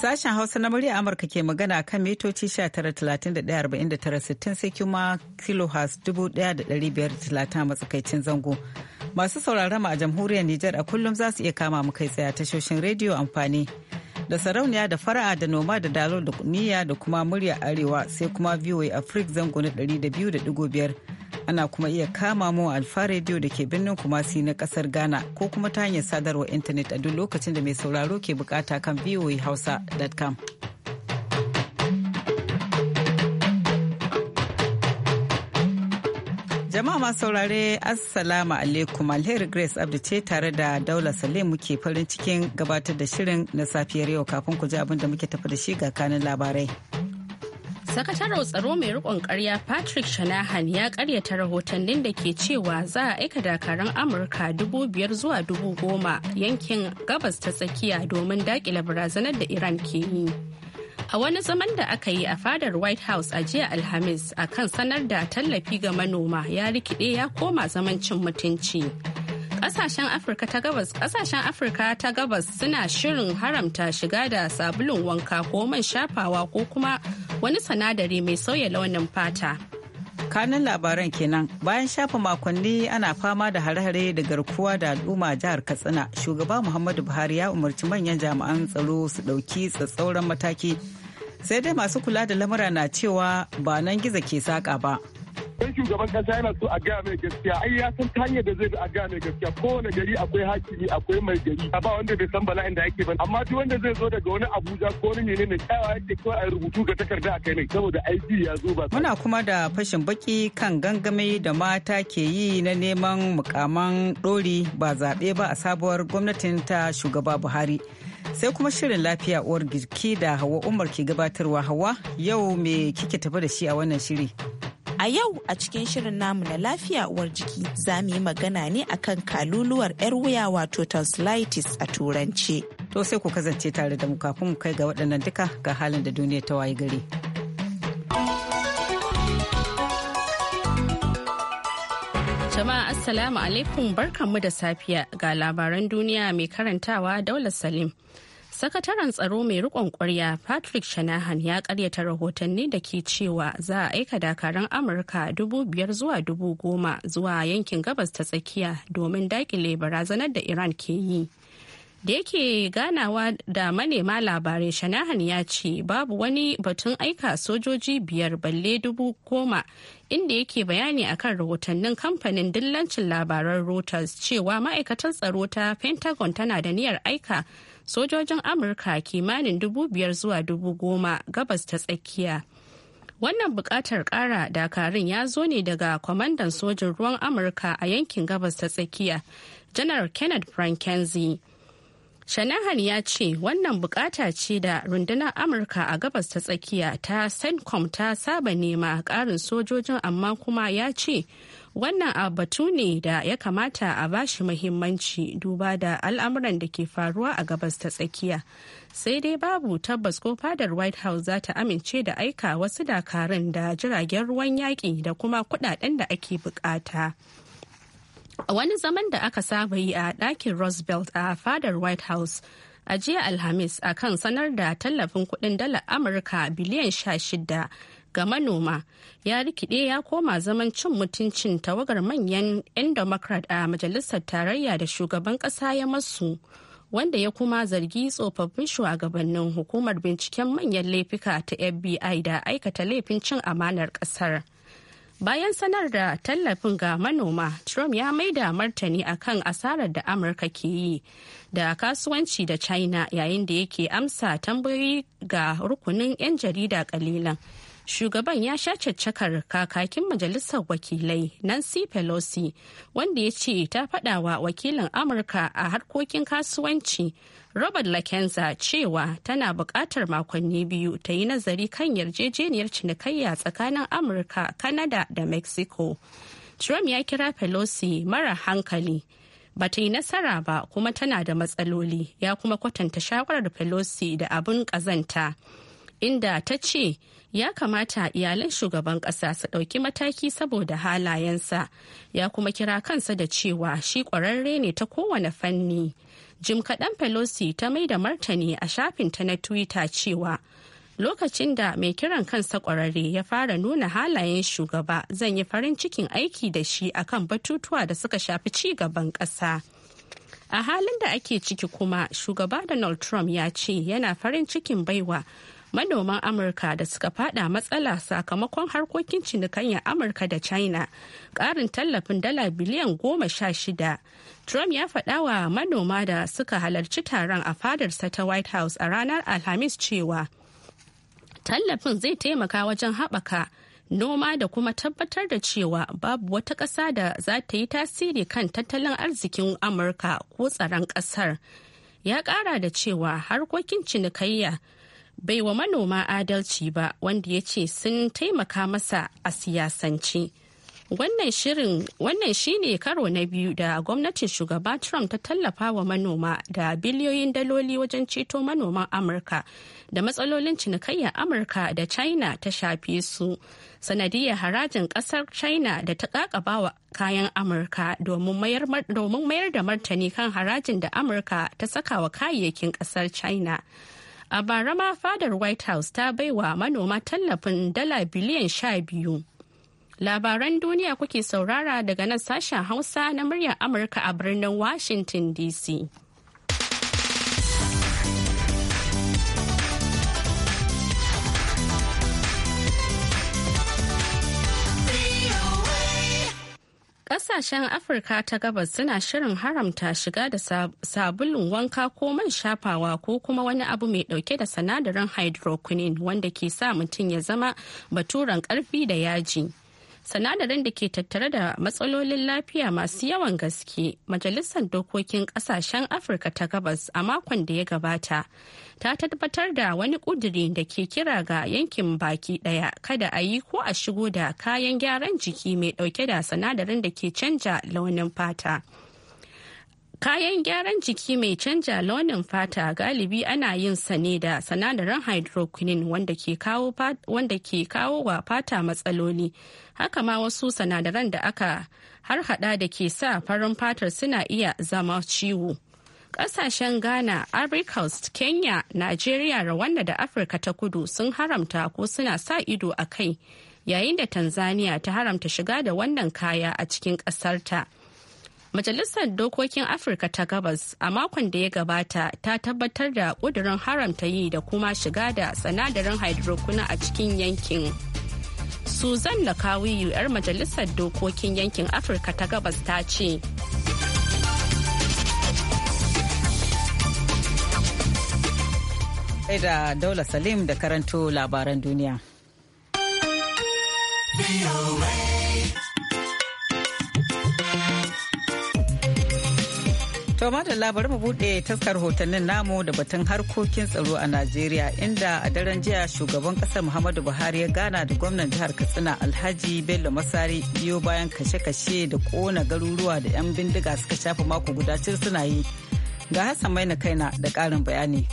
Sashen Hausa na murya Amurka ke magana kan mitoci 19,31,49,60 sai kuma kilohas 1,530 matsakaicin zango. Masu sauraron a jamhuriyar Nijar a kullum za su iya kama mu kai tsaye tashoshin rediyo amfani da sarauniya da fara'a da noma da dalo da kuniya da kuma murya arewa sai kuma voa afrik zango na 200.5 ana kuma iya kama mu alfa rediyo da ke birnin kumasi na kasar ghana ko kuma ta hanyar sadarwar intanet a duk lokacin da mai sauraro ke bukata kan voahausa.com. hausa.com Jama'a masu saurare Assalamu alaikum Alheri Grace Abdu ce tare da Daula Salim muke farin cikin gabatar da shirin na safiyar yau kafin ku ji abin da muke tafi da shi ga kanin labarai. Sakataren tsaro mai rikon karya Patrick Shanahan ya karyata rahotannin da ke cewa za a aika dakaran Amurka dubu biyar zuwa dubu goma yankin gabas ta tsakiya domin dakile barazanar da Iran ke yi. a wani zaman da aka yi a fadar white house a jiya alhamis a kan sanar da tallafi ga manoma ya rikide ya koma zaman cin mutunci kasashen afirka ta gabas kasashen afirka ta gabas suna shirin haramta shiga da sabulun wanka ko man shafawa ko kuma wani sanadari mai sauya launin fata kanan labaran kenan bayan shafa makonni ana fama da hare-hare da garkuwa da al'umma jihar katsina shugaba muhammadu buhari ya umarci manyan jami'an tsaro su ɗauki tsatsauran mataki sai dai masu kula da lamura na cewa ba nan gizo ke saƙa ba. sai shugaban kasa yana so a gaya mai gaskiya ai ya san ta hanyar da zai bi a gaya mai gaskiya kowane gari akwai hakimi akwai mai gari a ba wanda bai san bala'in da ake ba amma duk wanda zai zo daga wani abuja ko wani menene tsayawa yake ko a rubutu ga takarda a kai ne saboda aiki ya zo ba muna kuma da fashin baki kan gangame da mata ke yi na neman mukaman dori ba zaɓe ba a sabuwar gwamnatin ta shugaba buhari sai kuma shirin lafiya uwar girki da hawa umar ke gabatarwa hawa yau me kike tafi da shi a wannan shiri a yau a cikin shirin namu na lafiya uwar jiki za mu yi magana ne akan kaluluwar 'yar wuya wato tonsillitis a Turanci. to sai ku kazance tare da mu kafin kai ga waɗannan duka ga halin da duniya ta wayi gari jama'a assalamu alaikum barkanmu da safiya ga labaran duniya mai karantawa daular salim Sakataren tsaro mai rikon kwarya Patrick Shanahan ya karyata rahotanni da ke cewa za a aika dakaran Amurka dubu biyar zuwa dubu goma zuwa yankin gabas ta tsakiya domin dakile barazanar da Iran ke yi. Da yake ganawa da manema labarai Shanahan ya ce babu wani batun aika sojoji biyar balle dubu goma inda yake bayani akan rahotannin kamfanin dillancin labaran Reuters cewa ma'aikatar tsaro ta Pentagon tana da niyyar aika sojojin amurka kimanin dubu biyar zuwa dubu goma gabas ta tsakiya wannan bukatar ƙara dakarun ya zo ne daga kwamandan sojin ruwan amurka a yankin gabas ta tsakiya janar kenneth frankenzi shanahan ya ce wannan bukata ce da rundunar amurka a gabas ta tsakiya ta sencom ta saba nema karin sojojin amma kuma ya ce wannan a batu ne da ya kamata a bashi muhimmanci duba da al'amuran da ke faruwa a gabas ta tsakiya sai dai babu tabbas ko fadar white house za ta amince da aika wasu dakarun da jiragen ruwan yaƙi da kuma kudaden da ake bukata. a wani zaman da aka saba yi a ɗakin roosevelt a fadar white house a jiya alhamis akan sanar da tallafin kuɗin dalar amurka biliyan 16 ga manoma ya rikide ya koma zaman cin mutuncin tawagar manyan 'yan democrat a majalisar tarayya da shugaban kasa ya masu wanda ya kuma zargi tsofaffin shugabannin hukumar binciken manyan laifuka ta fbi da aikata laifin cin amanar kasar bayan sanar da tallafin ga manoma trump ya maida martani akan asarar da amurka ke yi da kasuwanci da china yayin da yake amsa tambayoyi ga rukunin 'yan jarida kalilan shugaban ya sha caccakar kakakin majalisar wakilai nancy pelosi wanda ya ce ta faɗawa wakilin amurka a harkokin kasuwanci robert lakenza cewa tana buƙatar makonni biyu ta yi nazari kan yarjejeniyar cinikayya tsakanin amurka kanada da mexico trump ya kira pelosi mara hankali ba ta yi nasara ba kuma tana da matsaloli ya kuma kwatanta shawarar pelosi da abin ƙazanta. inda ta ce ya kamata iyalan shugaban ƙasa su ɗauki mataki saboda halayensa ya kuma kira kansa da cewa shi ƙwararre ne ta kowane fanni. Jim kaɗan Pelosi ta mai da martani a shafinta na Twitter cewa lokacin da mai kiran kansa ƙwararre ya fara nuna halayen shugaba zan yi farin cikin aiki da shi akan batutuwa da suka shafi ci gaban ƙasa. A halin da ake ciki kuma shugaba Donald Trump ya ce yana farin cikin baiwa manoman amurka da suka fada matsala sakamakon harkokin cinikayyar amurka da china karin tallafin dala biliyan goma sha shida trump ya faɗa wa manoma da suka halarci taron a fadarsa ta white house a ranar alhamis cewa tallafin zai taimaka wajen haɓaka noma da kuma tabbatar da cewa babu wata ƙasa da za ta yi tasiri kan tattalin arzikin amurka ko tsaron ƙasar ya ƙara da cewa harkokin cinikayya bai wa manoma adalci ba wanda ya ce sun taimaka masa a siyasance. Wannan shirin wannan shine karo na biyu da gwamnatin shugaba Trump ta tallafa wa manoma da biliyoyin daloli wajen ceto manoman Amurka da matsalolin cinikayya Amurka da China ta shafe su. Sanadiyar harajin kasar China da ta bawa kayan Amurka domin mayar da martani kan harajin da Amurka ta saka wa kayayyakin kasar China. A bara ma fadar White House ta baiwa manoma tallafin dala biliyan sha biyu. Labaran duniya kuke saurara daga nan sashen Hausa na muryar Amurka a birnin Washington DC. Kasashen Afirka ta gabas suna shirin haramta shiga da sabulun wanka ko man shafawa ko kuma wani abu mai dauke da sinadarin hydroquinine wanda ke sa mutum ya zama baturen karfi da yaji. sanadarin da ke tattare da matsalolin lafiya masu yawan gaske majalisar dokokin kasashen afirka ta gabas a makon da ya gabata ta tabbatar da wani kuduri da ke kira ga yankin baki daya kada a yi ko a shigo da kayan gyaran jiki mai dauke da sanadarin da ke canja launin fata kayan gyaran jiki mai canja launin fata galibi ana yin sa ne da sanadarin hydroquinine wanda ke kawo wa fata matsaloli haka ma wasu sanadaran da aka har hada da ke sa farin fatar suna iya zama ciwo. Ƙasashen Ghana, Ivory Coast, Kenya, nigeria Rwanda da Afirka ta kudu sun haramta ko suna sa ido a kai yayin da Tanzania ta haramta shiga da wannan kaya a cikin ƙasarta. Majalisar Dokokin Afirka ta Gabas a makon da ya gabata ta tabbatar da ƙudurin haramta yi da kuma shiga da sinadarin hydroquinone a cikin yankin. susan Lakawiyu 'yar majalisar dokokin yankin Afirka ta gabas ta ce. da Daula Salim da karanto labaran duniya. To da labarin mu buɗe taskar hotonnin namu da batun harkokin tsaro a Najeriya inda a daren jiya shugaban ƙasar Muhammadu Buhari ya gana da gwamnan jihar Katsina Alhaji Bello Masari biyo bayan kashe-kashe da kona garuruwa da 'yan bindiga suka shafa mako guda suna yi. Ga Hassan Maina Kaina da ƙarin bayani.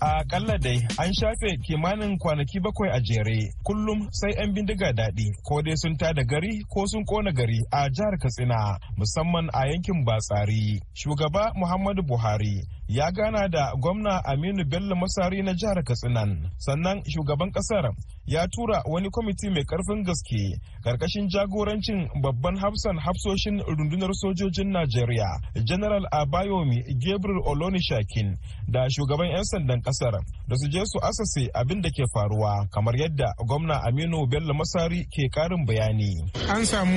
A kalla dai an shafe kimanin kwanaki bakwai a jere kullum sai 'yan bindiga daɗi ko dai sun tada gari ko sun kona gari a jihar Katsina musamman a yankin Batsari. Shugaba Muhammadu Buhari ya gana da gwamna aminu bello masari na jihar katsinan sannan shugaban kasar ya tura wani kwamiti mai karfin gaske karkashin jagorancin babban hafsan hafsoshin rundunar sojojin najeriya general abayomi gabriel shakin da shugaban 'yan sandan kasar da su je su asase abin da ke faruwa kamar yadda gwamna aminu bello masari ke karin bayani an samu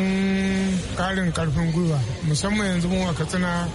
karin karfin gwiwa musamman yanzu mun katsina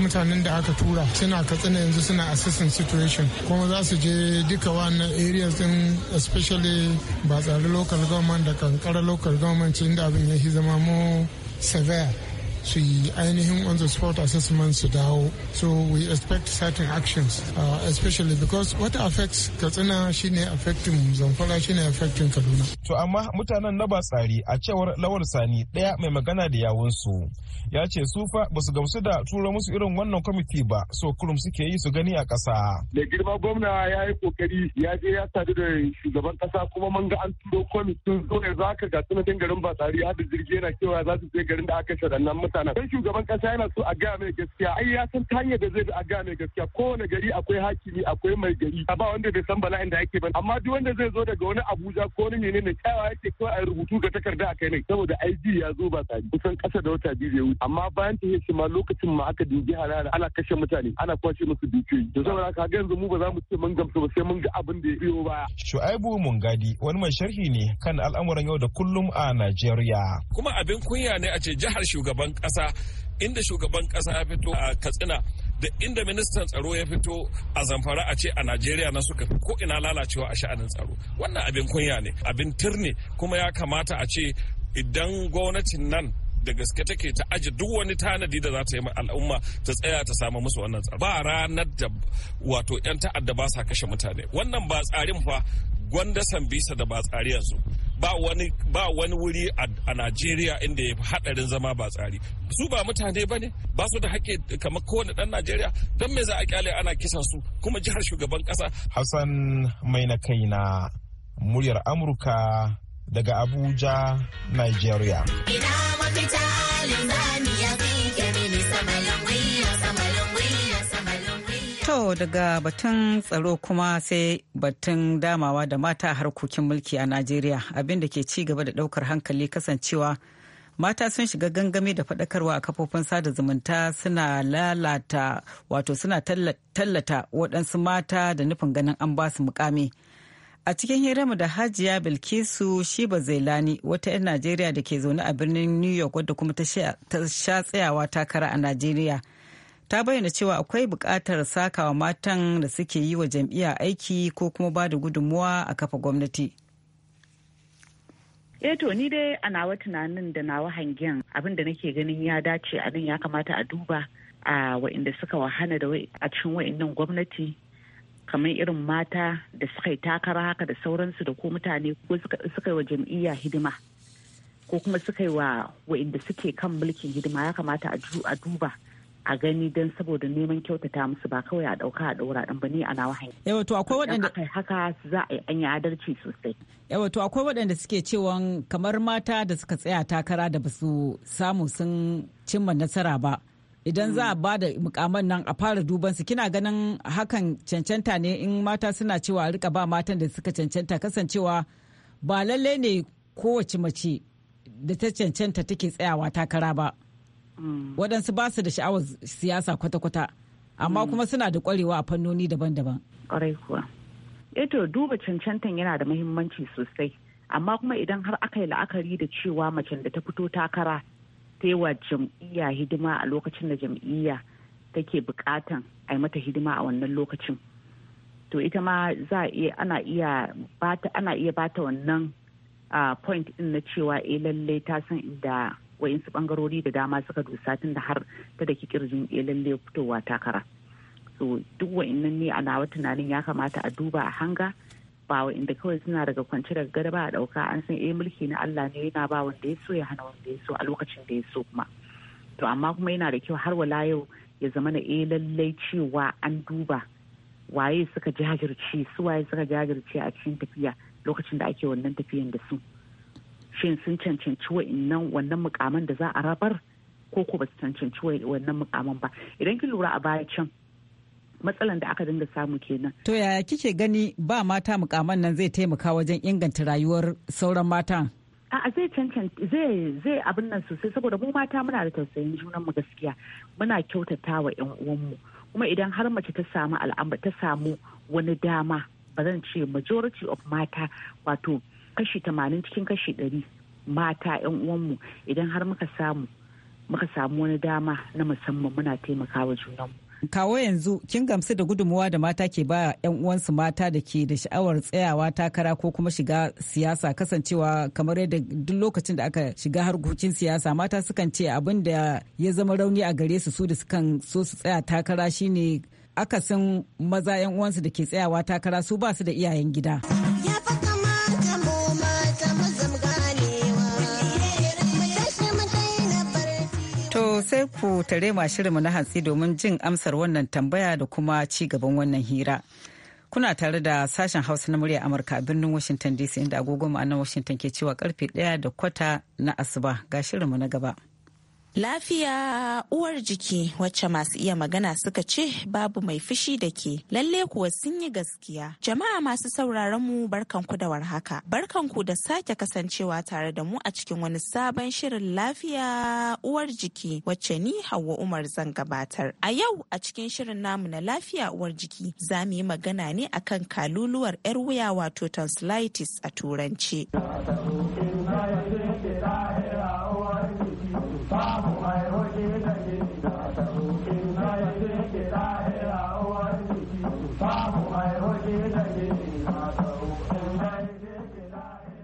mutanen da aka tura suna katsina yanzu suna assessing situation kuma za su je duka wannan areas din especially ba tsari local government da kankara local government inda abin ya zama mu severe su yi ainihin on the spot assessment su dawo so we expect certain actions uh, especially because what affects katsina shine affecting zamfara shine affecting kaduna to amma mutanen na ba tsari a cewar lawar sani daya mai magana da yawunsu ya ce su fa ba su gamsu da tura musu irin wannan kwamiti ba so kurum suke yi su gani a kasa. da girma gwamna ya yi kokari ya je ya sadu da shugaban ƙasa kuma manga an turo kwamitin so yanzu haka ga sanatan garin ba tsari har da jirgi yana cewa za su je garin da aka shaɗannan mutanen sai shugaban kasa yana so a ga mai gaskiya ai ya san ta hanyar da zai bi a ga mai gaskiya kowane gari akwai hakimi akwai mai gari ba wanda bai san bala'in da ake ba amma duk wanda zai zo daga wani Abuja ko wani menene kaiwa yake kawai a rubutu ga takarda a kai ne saboda IG ya zo ba tsari kusan kasa da wata biyu zai wuce amma bayan ta yi ma lokacin ma aka dubi halala ana kashe mutane ana kwashe musu dukiyoyi to saboda haka yanzu mu ba za mu ce mun gamsu ba sai mun ga abin da ya biyo baya Shu'aibu Mungadi wani mai sharhi ne kan al'amuran yau da kullum a Najeriya kuma abin kunya ne a ce jihar shugaban Kasa inda shugaban kasa ya fito a katsina da inda ministan tsaro ya fito a zamfara a ce a najeriya na suka ko ina lalacewa a sha'anin tsaro wannan abin kunya ne abin turne kuma ya kamata a ce idan gwamnatin nan da gaske take ta aji duk wani tanadi da za ta yi ma al'umma ta tsaya ta samu musu wannan tsaro ba ranar da wato 'yan ta'adda ba sa kashe mutane wannan ba tsarin fa gwanda bisa da ba tsari yanzu ba wani ba wani wuri a Najeriya inda ya fi hadarin zama ba tsari su ba mutane ba ne ba su da haƙƙi kamar kowane ɗan Najeriya don me za a kyale ana kisan su kuma jihar shugaban ƙasa. Hassan mai na kai na muryar Amurka daga Abuja, Nigeria. Ina mafita To daga batun tsaro kuma sai batun damawa da mata a harkokin mulki a Najeriya abinda ke ci gaba da daukar hankali kasancewa mata sun shiga gangami da faɗakarwa a kafofin sada zumunta suna lalata wato suna tallata waɗansu mata da nufin ganin an ba su mukami. A cikin hiramu da Hajiya Bilkisu Shiba Zailani wata 'yan Najeriya da ke zaune a birnin New York wadda kuma ta sha tsayawa takara a Najeriya. ta bayyana cewa akwai bukatar sakawa matan da suke yi wa jam'iyya aiki ko kuma ba da gudunmuwa a kafa gwamnati. eh to ni dai a nawa tunanin da nawa hangen abin da nake ganin ya dace a nan ya kamata a duba a wa'inda suka wahana da a cikin wa'innan gwamnati kamar irin mata da suka yi takara haka da sauransu da ko mutane ko suka yi wa jam'iyya hidima ko kuma suka yi wa wa'inda suke kan mulkin hidima ya kamata a duba a gani don saboda neman kyautata musu ba kawai a ɗauka a daura dan ba a nawa hanyar. Yawa to akwai waɗanda. haka za a yi an adalci sosai. Yawa to akwai waɗanda suke cewa kamar mata da suka tsaya takara da basu samu sun cimma nasara ba. Idan za a mm. ba da mukaman nan a fara duban su kina ganin hakan cancanta ne in mata suna cewa a rika ba matan da suka cancanta kasancewa ba lallai ne kowace mace da ta cancanta take tsayawa takara ba. waɗansu ba su da sha'awar siyasa kwata-kwata amma kuma suna da ƙwarewa a fannoni daban-daban ƙwarai kuwa eto eh duba cancantan yana da mahimmanci sosai amma kuma idan har aka yi la'akari da cewa macen da ta fito takara ta yi wa jam'iyya hidima a lokacin da jam'iyya take buƙatan a yi mata hidima a wannan lokacin to ita ma za iya ana iya bata ana iya bata wannan ah, point din na cewa eh lallai ta san inda wayansu bangarori da dama suka dusa tun da har ta da kirjin e lalle fitowa takara so duk wa'annan ne a nawa tunanin ya kamata a duba a hanga ba wa'inda kawai suna daga kwanci daga gada ba a dauka an san eh mulki na Allah ne yana ba wanda ya so ya hana wanda ya so a lokacin da ya so kuma to amma kuma yana da kyau har wala yau ya zama na eh lallai cewa an duba waye suka jajirce su waye suka jajirce a cikin tafiya lokacin da ake wannan tafiyan da su. shin sun cancanci wa'innan wannan mukaman da za a rabar ko ko ba su cancanci wannan mukaman ba idan kin lura a baya can matsalan da aka dinga samu kenan. To yaya kike gani ba mata mukaman nan zai taimaka wajen inganta rayuwar sauran matan? a zai cancanci zai zai abin nan sosai saboda mu mata muna da tausayin junan mu gaskiya muna kyautata wa ƴan uwanmu kuma idan har mace ta samu al'amba ta samu wani dama ba zan ce majority of mata wato kashi tamanin cikin kashi ɗari mata 'yan uwanmu idan har muka samu muka samu wani dama na musamman muna taimakawa junanmu kawo yanzu kin gamsu da gudunmuwa da mata ke ba 'yan uwansu mata da ke da sha'awar tsayawa takara ko kuma shiga siyasa kasancewa kamar yadda duk lokacin da aka shiga harkokin siyasa mata sukan ce abin da ya zama rauni a gare su su da sukan so su tsaya takara shine akasin maza 'yan uwansu da ke tsayawa takara su ba su da iyayen gida. sai ku tare ma shirinmu na hantsi domin jin amsar wannan tambaya da kuma ci gaban wannan hira. Kuna tare da sashen Hausa na murya Amurka a birnin Washington DC inda agogo ma'anar Washington ke cewa karfe ɗaya da kwata na asuba ga shirinmu na gaba. Lafiya uwar jiki wacce masu iya magana suka ce babu mai fushi da ke. Lalle kuwa sun yi gaskiya. Jama'a masu sauraron mu barkanku da warhaka. Barkanku da sake kasancewa tare da mu a cikin wani sabon shirin lafiya uwar jiki wacce ni Hauwa Umar zan gabatar. A yau a cikin shirin namu na lafiya uwar jiki za mu yi magana ne akan kaluluwar 'yar wuya wato tonsillitis a turanci.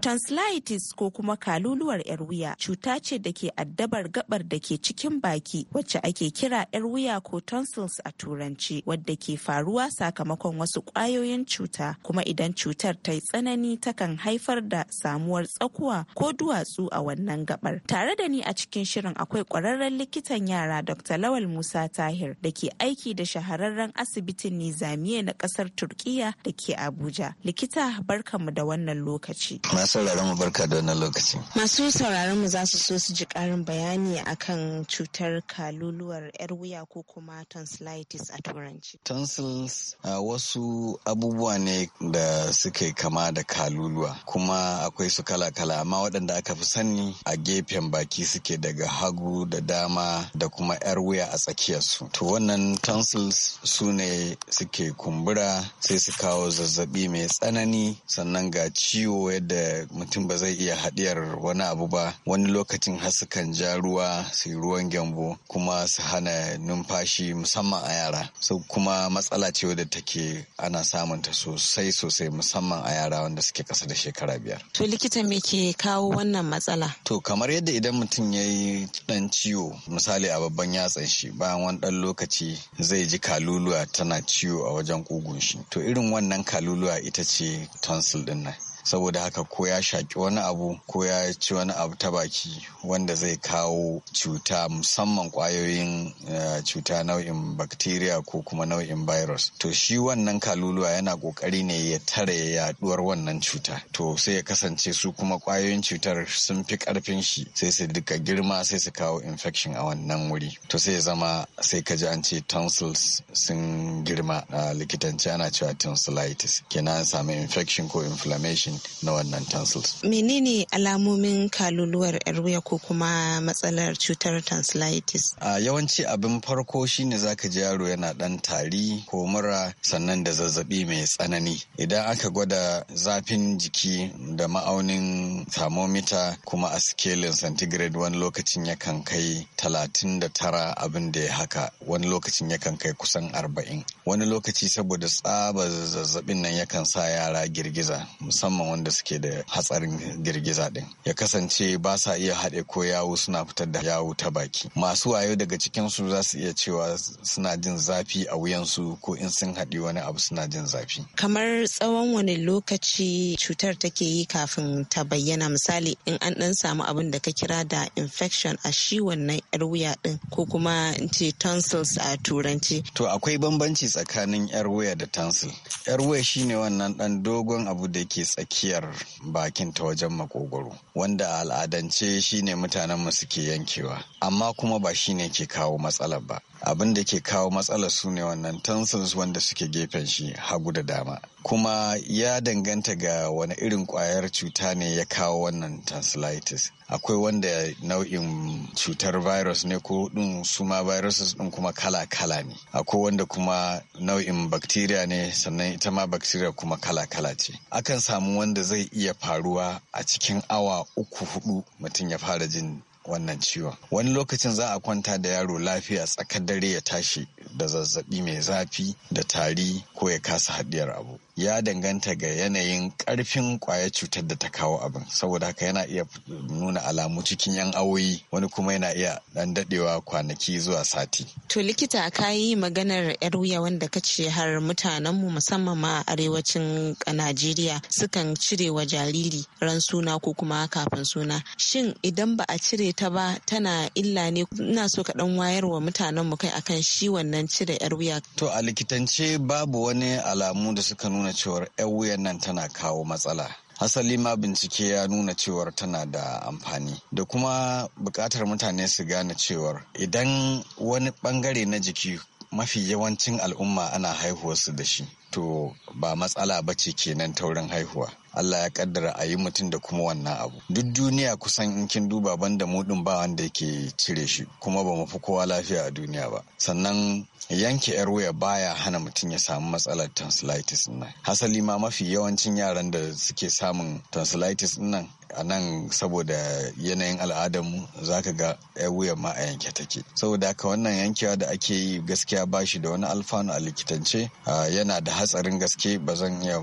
tonsillitis ko kuma kaluluwar yar wuya cuta ce da ke addabar gabar da ke cikin baki wacce ake kira yar wuya ko tonsils a turanci wadda ke faruwa sakamakon wasu kwayoyin cuta kuma idan cutar ta yi tsanani takan haifar da samuwar tsakuwa ko duwatsu a wannan gabar tare da ni a cikin shirin akwai kwararren likitan yara dr lawal musa tahir da ke aiki da shahararren asibitin nizamiya na kasar turkiya da ke abuja likita barkanmu da wannan lokaci sauraron mu barka da wannan lokaci. Masu sauraron mu za su so su ji ƙarin bayani akan cutar kaluluwar yar wuya ko kuma tonsillitis a turanci. Tonsils a wasu abubuwa ne da suke kama da kaluluwa kuma akwai su kala-kala amma waɗanda aka fi sani a gefen baki suke daga hagu da dama da kuma yar wuya a tsakiyarsu. To wannan tonsils su ne suke kumbura sai su kawo zazzabi mai tsanani sannan ga ciwo yadda mutum ba zai iya haɗiyar wani abu ba wani lokacin har sukan ja ruwa su yi ruwan gyambo kuma su hana numfashi musamman a yara su kuma matsala ce wadda take ana samun ta sosai sosai musamman a yara wanda suke kasa da shekara biyar. To likita me ke kawo wannan matsala? To kamar yadda idan mutum ya yi ɗan ciwo misali a babban yatsan shi bayan wani ɗan lokaci zai ji kaluluwa tana ciwo a wajen kugun shi. To irin wannan kaluluwa ita ce tonsil ɗin nan. saboda haka ko ya shaki wani abu ko ya ci wani abu ta baki wanda zai kawo cuta musamman kwayoyin eh, cuta nau'in bacteria ko kuma nau'in virus to shi wannan kaluluwa yana ƙoƙari ne ya tare yaduwar wannan cuta to sai ya kasance su kuma kwayoyin cutar sun fi karfin shi sai su duka girma sai su kawo infection a wannan wuri to sai ya zama sai ka ji an ce tonsils sun girma a likitanci ana cewa tonsillitis kenan an samu infection ko inflammation na wannan tonsils. Menene alamomin kaluluwar wuya ko kuma matsalar cutar tonsillitis? A yawanci abin farko shine zaka ji yaro yana dan tari ko mura sannan da zazzabi mai tsanani. Idan aka gwada zafin jiki da ma'aunin thermometer kuma a sikelin centigrade wani lokacin yakan kai talatin da tara abin da ya haka wani lokacin yakan kai kusan arba'in. wani lokaci saboda tsaba zazzabin nan yakan sa yara girgiza musamman wanda suke da hatsarin girgiza din ya kasance ba sa iya haɗe ko yawu suna fitar da yawu ta baki masu wayo daga cikin su za su iya cewa suna jin zafi a wuyansu ko in sun haɗi wani abu suna jin zafi kamar tsawon wani lokaci cutar take yi kafin ta bayyana misali in an dan samu abin da ka kira da infection a shi wannan yar wuya din ko kuma in ce tonsils a turanci to akwai bambanci tsakanin yar waya da tansil yar waya shine wannan dan dogon abu da ke tsakiyar bakin ta wajen makogwaro wanda a al'adance shine mutanen mu suke yankewa amma kuma ba shine ke kawo matsalar ba abin da ke kawo matsalar su ne wannan tonsils wanda suke gefen shi hagu da dama kuma ya danganta ga wani irin kwayar cuta ne ya kawo wannan tonsillitis akwai wanda nau'in cutar virus ne ko din suma ma viruses din kuma kala-kala ne akwai wanda kuma nau'in bacteria ne sannan ita ma bacteria kuma kala-kala ce akan samu wanda zai iya faruwa a cikin awa uku hudu mutum ya fara jin wannan ciwon wani lokacin za a kwanta da yaro lafiya tsakar dare ya tashi da zazzabi mai zafi da tari ko ya kasa haɗiyar abu ya danganta ga yanayin karfin kwayar cutar da ta kawo abin saboda haka yana iya nuna alamu cikin yan awoyi wani kuma yana iya dan dadewa kwanaki zuwa sati to likita ka yi maganar yar wuya wanda ka ce har mutanen mu musamman ma arewacin najeriya sukan cire wa jariri ran suna ko kuma kafin suna shin idan ba a cire ta ba tana illa ne ina so ka dan wayar wa mutanen mu kai akan shi wannan cire yar wuya to a likitance babu wani alamu da suka nuna nuna cewar 'yan wuyan nan tana kawo matsala asali ma bincike ya nuna cewar tana da amfani da kuma bukatar mutane su gane cewar idan wani ɓangare na jiki mafi yawancin al'umma ana haihuwarsu da shi to ba matsala ba ce kenan taurin haihuwa Allah ya kaddara a yi mutum da kuma wannan abu duk duniya kusan in kin duba banda mu ba wanda yake cire shi kuma ba mu fi kowa lafiya a duniya ba sannan yanke yar ba baya hana mutum ya samu matsalar tonsillitis nan hasali ma mafi yawancin yaran da suke samun tonsillitis nan a nan saboda yanayin al'adarmu za ka ga wuya ma a yanke take saboda haka wannan yankewa da ake yi gaskiya ba shi da wani alfanu a likitance yana da hatsarin gaske ba zan iya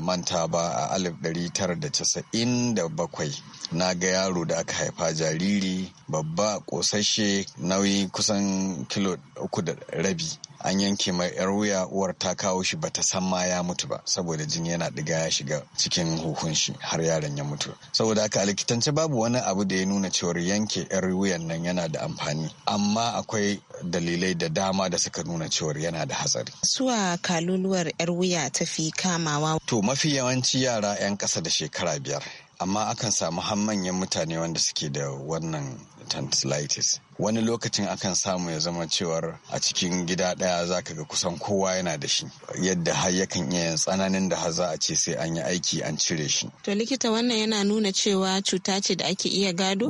manta ba a 1997 na ga yaro da aka haifa jariri babba kosashe nauyi kusan kilo uku da rabi an yanke mai yar wuya uwar ta kawo shi bata san ma ya mutu ba saboda jini yana diga ya shiga cikin huhun shi har yaron ya mutu saboda haka a likitance babu wani abu da ya nuna cewar yanke yar wuyan nan yana da amfani amma akwai dalilai da dama da suka nuna cewar yana da hatsari suwa kaluluwar yar wuya ta fi kamawa to mafi yawanci yara 'yan ƙasa da shekara biyar amma akan samu har manyan mutane wanda suke da wannan tonsillitis wani lokacin akan samu ya zama cewar a cikin gida ɗaya za ka ga kusan kowa yana da shi yadda har yakan iya yin tsananin da haza a ce sai an yi aiki an cire shi. To likita wannan yana nuna cewa cuta ce da ake iya gado?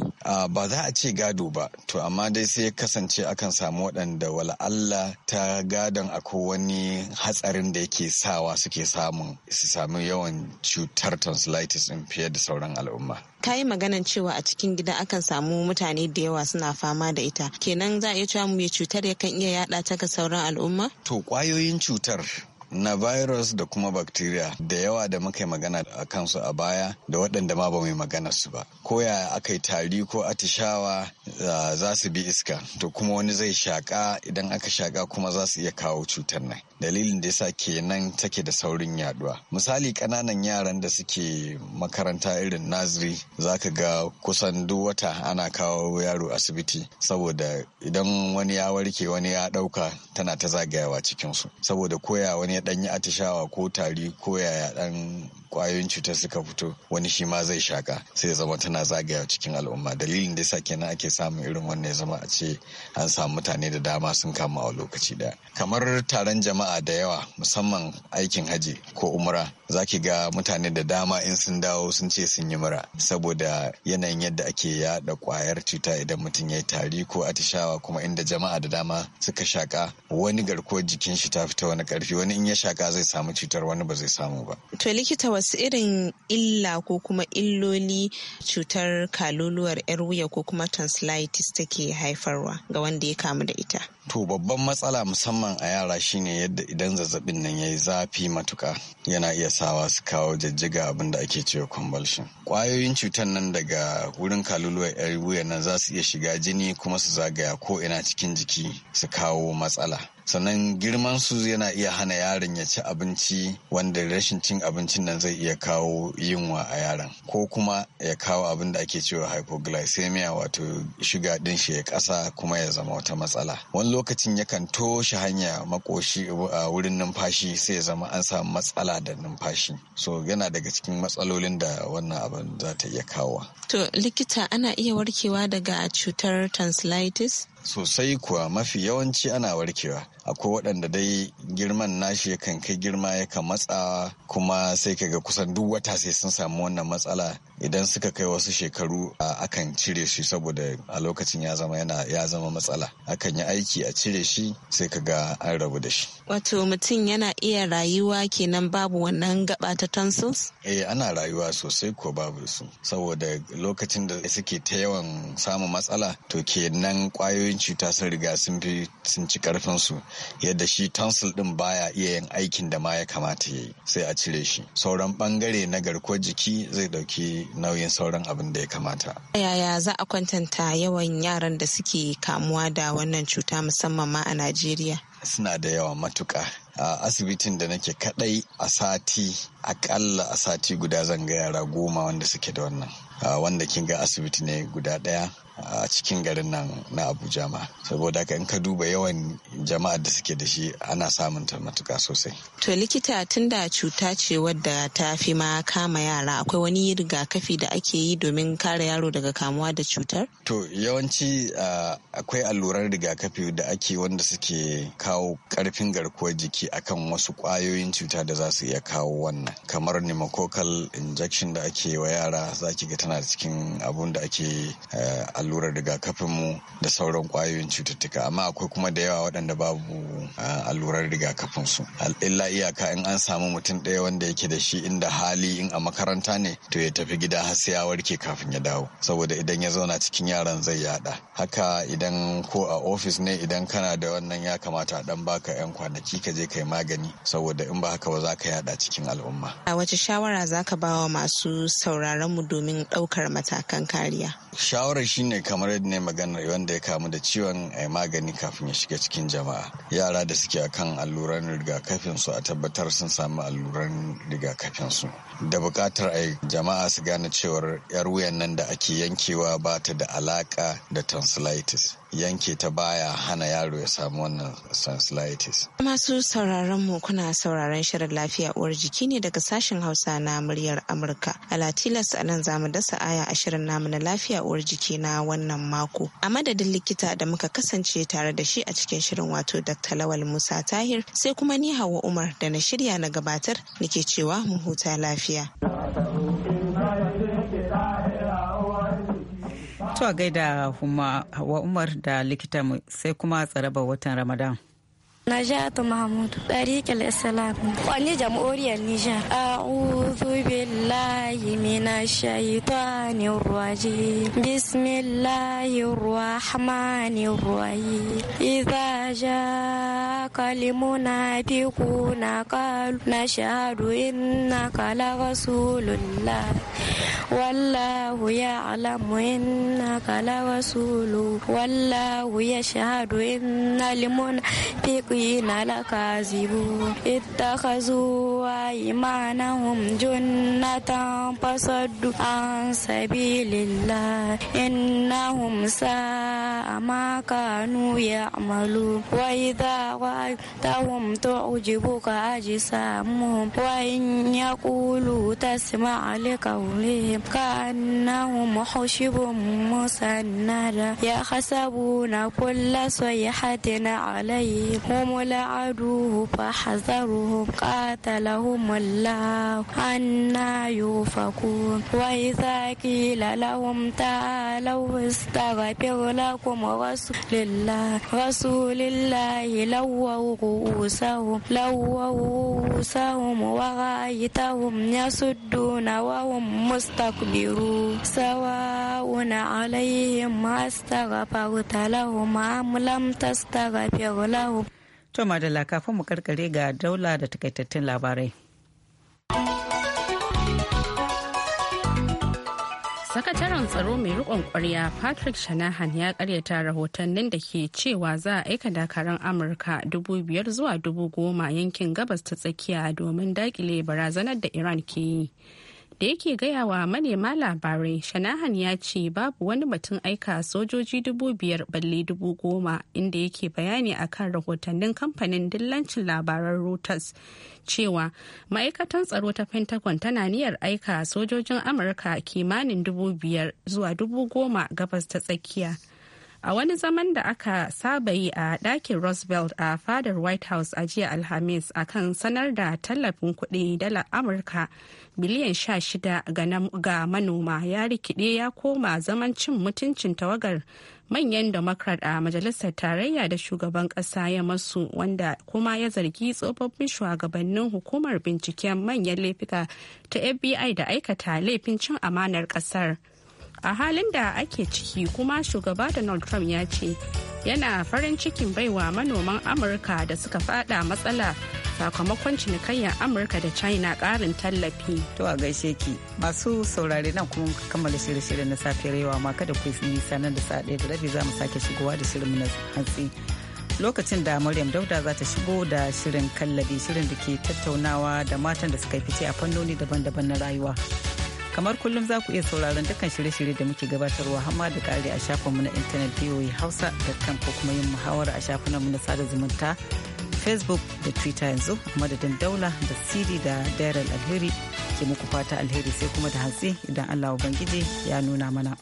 ba za a ce gado ba to amma dai sai kasance akan samu waɗanda wala'allah ta gadon akwai wani hatsarin da yake sawa suke samun su sami yawan cutar tonsillitis ɗin fiye da sauran al'umma. ta yi maganan cewa a cikin gida akan samu mutane da yawa suna fama da ita kenan za a iya cewa mai cutar yakan iya yada ta ga sauran al'umma to kwayoyin cutar na virus da kuma bacteria da yawa da muka yi magana a kansu a baya da waɗanda ma ba mu yi magana su ba ko ya aka yi tari ko atishawa ah, za su bi iska to kuma wani zai shaƙa idan aka shaƙa kuma za su iya kawo cutar nan dalilin da yasa kenan take da saurin yaduwa misali ƙananan yaran da suke makaranta irin naziri zaka ga kusan duk wata ana kawo yaro asibiti saboda idan wani ya warke wani ya ɗauka tana ta zagayawa cikinsu saboda koya wani ɗan yi atishawa ko tari ko yaya ɗan kwayoyin cuta suka fito wani shi ma zai shaka sai ya zama tana zagaya cikin al'umma dalilin da sa kenan ake samun irin wannan ya zama a ce an samu mutane da dama sun kama a lokaci daya kamar taron jama'a da yawa musamman aikin haji ko umra zaki ga mutane da dama in sun dawo sun ce sun yi mura saboda yanayin yadda ake yada kwayar cuta idan mutum ya yi tari ko atishawa kuma inda jama'a da dama suka shaka wani garkuwar jikin shi ta fita wani karfi wani in ya shaka zai samu cutar wani ba zai samu ba to likita wasu irin illa ko kuma illoli cutar kaluluwar yar wuya ko kuma tonsillitis take haifarwa ga wanda ya kamu da ita to babban matsala musamman a yara shine yadda idan zazzabin nan ya yi zafi matuka yana iya sawa su kawo jijjiga abin da ake cewa convulsion kwayoyin cutar nan daga wurin kaluluwar yar wuya nan za su iya shiga jini kuma su zagaya ko ina cikin jiki su kawo matsala sannan girman su yana iya hana yaron ya ci abinci wanda rashin cin abincin nan zai iya kawo yunwa a yaron ko kuma ya kawo abin da ake cewa hypoglycemia wato shiga din shi ya kasa kuma ya zama wata matsala wani lokacin yakan toshe hanya makoshi a wurin numfashi sai ya zama an samu matsala da numfashi so yana daga cikin matsalolin da wannan abin za ta iya kawo to likita ana iya warkewa daga cutar tonsillitis sosai kuwa mafi yawanci ana warkewa akwai waɗanda dai girman nashi yakan kai girma yakan matsa kuma sai kaga kusan duk wata sai sun samu wannan matsala idan suka kai wasu shekaru akan cire shi saboda a lokacin ya zama yana ya zama matsala akan yi aiki a cire shi sai kaga an rabu da shi wato mutum yana iya rayuwa kenan babu wannan gaba ta tonsils eh ana rayuwa sosai ko babu su saboda lokacin da suke ta yawan samun matsala to kenan kwayoyin cuta sun riga sun fi sun ci karfinsu yadda shi tonsil din baya iya yin aikin da ma ya kamata ya yi sai a cire shi sauran bangare na garkuwar jiki zai dauki nauyin sauran abin da ya kamata yaya za a kwantanta yawan yaran da suke kamuwa da wannan cuta musamman ma a najeriya suna da yawa matuka a asibitin da nake kadai a sati akalla a sati guda zan ga yara goma wanda suke da wannan wanda kin ga asibiti ne guda daya a cikin garin nan na abuja ma saboda haka in ka duba yawan jama'a da suke da shi ana samun ta matuka sosai to likita tun da cuta ce wadda ta fi ma kama yara akwai wani rigakafi da ake yi domin kare yaro daga kamuwa da cutar to yawanci akwai allurar rigakafi da ake wanda suke kawo karfin garkuwar jiki akan wasu kwayoyin cuta da za su iya kawo wannan kamar pneumococcal injection da ake wa yara za ki ga tana cikin abun da ake eh, allurar rigakafin mu da sauran kwayoyin cututtuka amma akwai kuma da yawa waɗanda babu allurar rigakafin su illa iyaka in an samu mutum ɗaya wanda yake da shi inda hali in a makaranta ne to ya tafi gida har sai ya warke kafin ya dawo saboda idan ya zauna cikin yaran zai yada haka idan ko a ofis ne idan kana da wannan ya kamata dan baka yan kwanaki ka je kai magani saboda in ba haka ba za ka yada cikin al'umma a wace shawara za ka ba wa masu sauraron mu domin ɗaukar matakan kariya shawarar shine shine kamar yadda ne maganar wanda ya kamu da ciwon a eh, magani kafin ya shiga cikin jama'a yara da suke kan alluran rigakafin su a tabbatar sun samu alluran rigakafinsu, da buƙatar a jama'a su gane cewar yar wuyan nan da ake yankewa ba ta da alaka da tonsillitis yanke ta baya hana yaro ya samu wannan tonsillitis. Masu sauraron mu kuna sauraron shirin lafiya uwar jiki ne daga sashen Hausa na muryar Amurka. Ala tilas a nan zamu dasa aya a shirin namu na lafiya uwar jiki na wannan mako. A madadin likita da muka kasance tare da shi a cikin shirin wato Dr. Lawal Musa Tahir sai kuma ni Hawa Umar da na shirya na gabatar nake cewa mu huta lafiya. mutuwa gaida huma hawa umar da likita mu sai kuma tsaraba watan ramadan ta mahamudu tsarikil islam kwanye jam'oriyar nijar a uzu billahi mina shaitani ruwaji bismillahi ruwahmani ruwayi iza ja kalimu na biku na kalu na shahadu inna kala rasulullahi wallahu ya'lamu innaka lawasulu wallahu yashhadu innal munfiqina lakazibun ittakhadhu aymanahum junnatan fasaddu an sabilillah innahum sa'a ma kanu ya'malu wa idha ra'aytahum tu'jibuka ajsamuhum wa in yaqulu tasma'a liqawli تغليب كأنهم حشب مسندة يحسبون كل صيحة عليهم هم العدو فحذرهم قاتلهم الله أنا يوفكون وإذا قيل لهم تعالوا استغفر لكم رسول الله رسول الله لووا رؤوسهم لووا رؤوسهم ورأيتهم يصدون وهم مستكبروا سواء عليهم ما استغفرت لهم أم لم تستغفر To Madalla kafin mu karkare ga daula da takaitattun labarai. Sakataren tsaro mai rikon kwarya Patrick Shanahan ya karyata rahotannin da ke cewa za a aika dakaran Amurka dubu biyar zuwa dubu goma yankin gabas ta tsakiya domin dakile barazanar da Iran ke yi. da yake gaya wa manema labarai shanahan ya ce babu wani batun aika sojoji dubu biyar balle dubu goma inda yake bayani a kan rahotannin kamfanin dillancin labaran reuters cewa ma'aikatan tsaro ta pentagon tana niyyar aika sojojin amurka kimanin dubu biyar zuwa dubu goma gabas ta tsakiya a wani zaman da aka saba yi a ɗakin roosevelt a fadar white house a jiya alhamis a kan sanar da tallafin kuɗi dala amurka sha 16 ga manoma ya rikide ya koma zaman cin mutuncin tawagar manyan democrat a majalisar tarayya da shugaban ƙasa ya masu wanda kuma ya zargi tsofaffin shugabannin hukumar binciken manyan laifuka ta fbi da aikata laifin cin amanar ƙasar. a halin da ake ciki kuma shugaba donald trump ya ce yana farin cikin baiwa manoman amurka da suka fada matsala sakamakon cinikayyar amurka da china karin tallafi to a gaishe ki masu saurare nan kuma kammala shirye-shirye na safiyar yawa ma kada ku yi sanar da sa da rabi za mu sake shigowa da shirin na hantsi lokacin da maryam dauda za ta shigo da shirin kallabi shirin da ke tattaunawa da matan da suka fice a fannoni daban-daban na rayuwa kamar kullum za ku iya sauraron dukkan shirye-shirye da muke gabatarwa hamma da kare a shafinmu na intanet voa kan ko kuma yin muhawara a shafinmu na sada zumunta facebook da twitter yanzu madadin daula da cd da daren alheri ke muku fata alheri sai kuma da hantsi idan allah ubangiji ya nuna mana.